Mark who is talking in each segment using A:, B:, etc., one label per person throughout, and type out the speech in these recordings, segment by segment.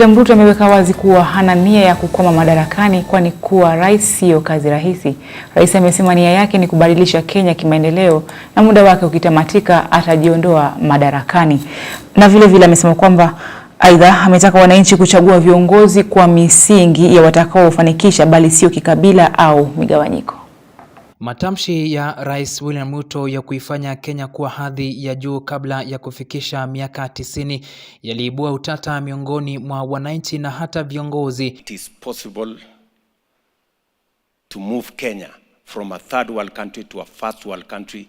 A: William Ruto ameweka wazi kuwa hana nia ya kukwama madarakani kwani kuwa rais siyo kazi rahisi. Rais amesema nia yake ni kubadilisha Kenya kimaendeleo na muda wake ukitamatika atajiondoa madarakani. Na vile vile amesema kwamba aidha ametaka wananchi kuchagua viongozi kwa misingi ya watakaofanikisha bali sio kikabila au migawanyiko.
B: Matamshi ya Rais William Ruto ya kuifanya Kenya kuwa hadhi ya juu kabla ya kufikisha miaka tisini yaliibua utata miongoni mwa wananchi na hata viongozi.
C: It is possible to move Kenya from a third world country to a first world country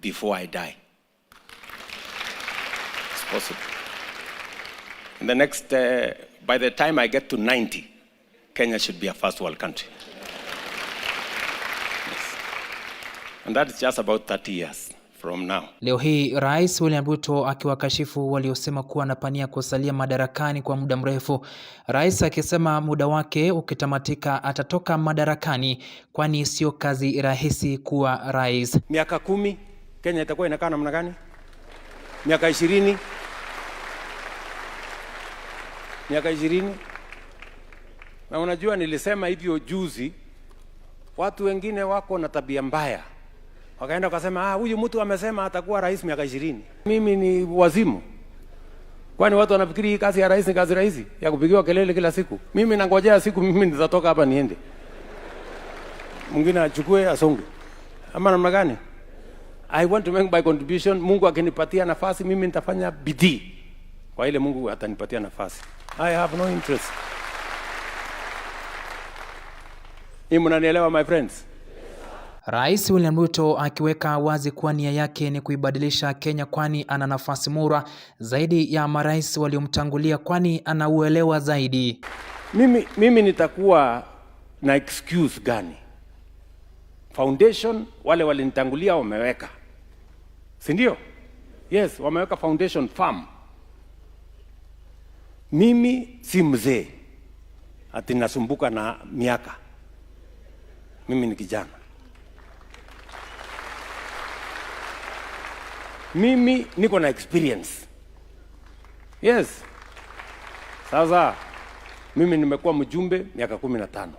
C: before I die. It's possible. In the next, uh, by the time I get to 90, Kenya should be a first world country. And that is just about 30 years from now.
A: Leo hii Rais William Ruto akiwakashifu waliosema kuwa anapania kusalia madarakani kwa muda mrefu. Rais akisema muda wake ukitamatika atatoka madarakani kwani sio kazi rahisi kuwa rais.
D: Miaka kumi Kenya itakuwa inakaa namna gani? Miaka ishirini miaka ishirini Na unajua nilisema hivyo juzi, watu wengine wako na tabia mbaya wakaenda wakasema, ah, huyu mtu amesema atakuwa rais miaka ishirini. Mimi ni wazimu? Kwani watu wanafikiri hii kazi ya rais ni kazi rahisi ya kupigiwa kelele kila siku? Mimi nangojea siku mimi nitatoka hapa niende, mwingine achukue asonge, ama namna gani? I want to make my contribution. Mungu akinipatia nafasi mimi nitafanya bidii kwa ile Mungu atanipatia nafasi. I have no interest. Hii mnanielewa my friends?
A: Rais William Ruto akiweka wazi kuwa nia yake ni kuibadilisha Kenya kwani ana nafasi mura zaidi ya marais waliomtangulia kwani anauelewa zaidi.
D: Mimi, mimi nitakuwa na excuse gani? Foundation wale walinitangulia wameweka, si ndio? Yes, wameweka foundation firm. Mimi si mzee ati nasumbuka na miaka, mimi ni kijana. mimi niko na experience. Yes, sasa mimi nimekuwa mjumbe miaka kumi na tano.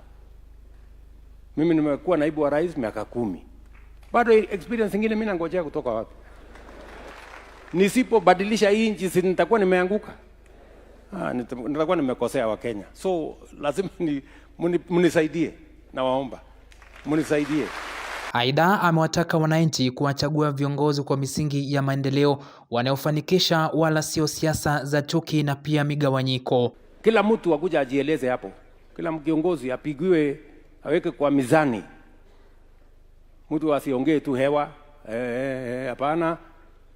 D: Mimi nimekuwa naibu wa rais miaka kumi, bado experience ingine mimi nangojea kutoka wapi? Nisipobadilisha hii nchi, si nitakuwa nimeanguka? Ah, nitakuwa nimekosea Wakenya. So lazima mnisaidie, nawaomba mnisaidie.
A: Aidha, amewataka wananchi kuwachagua viongozi kwa misingi ya maendeleo wanayofanikisha, wala sio siasa za chuki na pia migawanyiko.
D: Kila mtu akuja ajieleze hapo, kila kiongozi apigiwe, aweke kwa mizani, mtu asiongee tu hewa. Eh, eh, eh, hapana,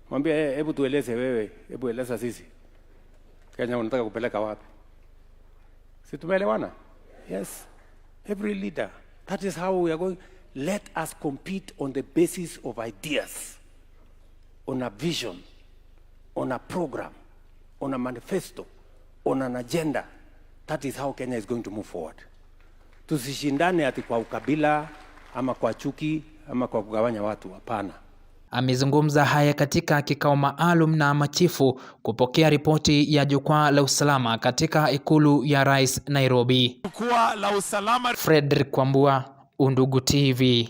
D: mwambie hebu tueleze wewe, hebu eleza sisi Kenya unataka kupeleka wapi? Si tumeelewana? Yes. Every leader. That is how we are going let us compete on the basis of ideas, on a vision, on a program, on a manifesto, on an agenda. That is how Kenya is going to move forward. Tusishindane ati kwa ukabila ama kwa chuki ama kwa kugawanya watu, hapana.
A: Amezungumza haya katika kikao maalum na machifu kupokea ripoti ya jukwaa la usalama katika ikulu ya rais Nairobi. Jukwaa la usalama. Frederick Kwambua, Undugu TV.